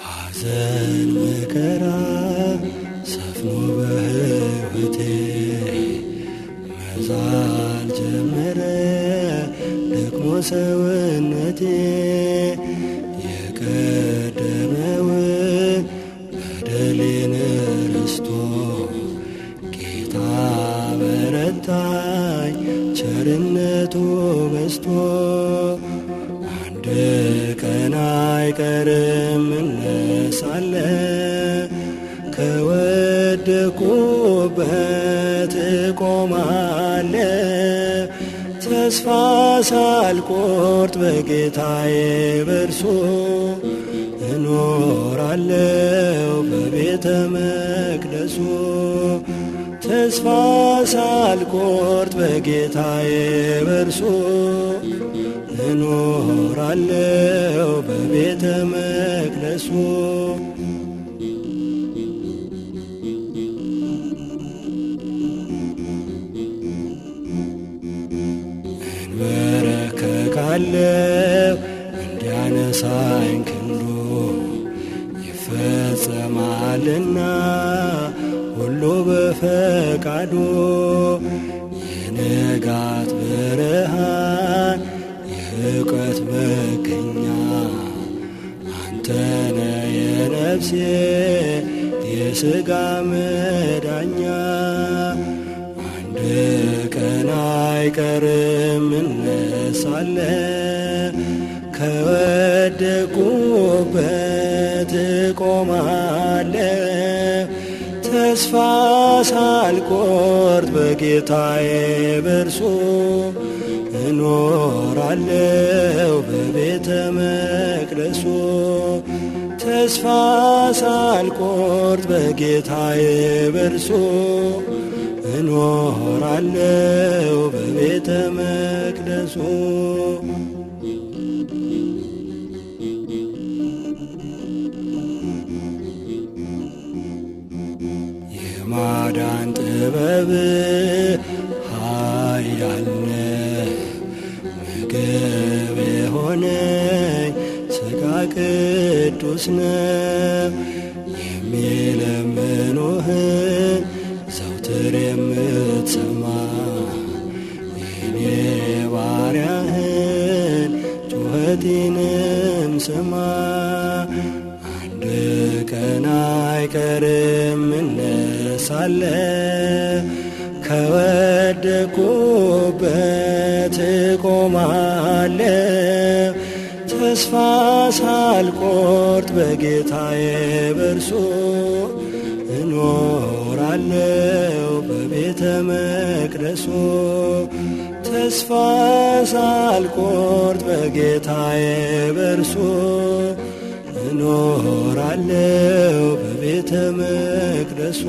ሐዘን መከራ ሰፍኖ በህይወቴ ከዛን ጀመረ ደግሞ ሰውነቴ የቀደመውን በደሌን ረስቶ ጌታ በረታኝ ቸርነቱ በስቶ አንድ ቀን አይቀርም እነሳለን በቁበት እቆማለሁ ተስፋ ሳልቆርጥ በጌታዬ በርሱ እኖራለሁ በቤተ መቅደሱ ተስፋ ሳልቆርጥ በጌታዬ በርሱ እኖራለሁ በቤተ መቅደሱ ያለው እንዲያነሳኝ ክንዶ ይፈጸማልና ሁሉ በፈቃዶ የንጋት ብርሃን የእውቀት መገኛ አንተነ የነፍሴ የሥጋ መዳኛ አንድ ቀን አይቀርም እነሳለን ቆማለ ተስፋ ሳልቆርጥ በጌታዬ በርሶ እኖራለው በቤተ መቅደሶ ተስፋ ሳልቆርጥ በጌታዬ በርሶ እኖራለው በቤተ መቅደሶ ማዳን ጥበብ ኃያልነ ምግብ የሆነኝ ስጋ ቅዱስ ነው የሚለምኑህን ዘውትር የምትሰማ የኔ ባሪያህን ጩኸቴንም ስማ አንድ ቀን አይቀርም ሳለ ከወደቁበት ቆማለ ተስፋ ሳልቆርጥ በጌታዬ በርሱ እኖራለው በቤተ መቅደሶ ተስፋ ሳልቆርጥ በጌታዬ በርሶ እኖራለው በቤተ መቅደሱ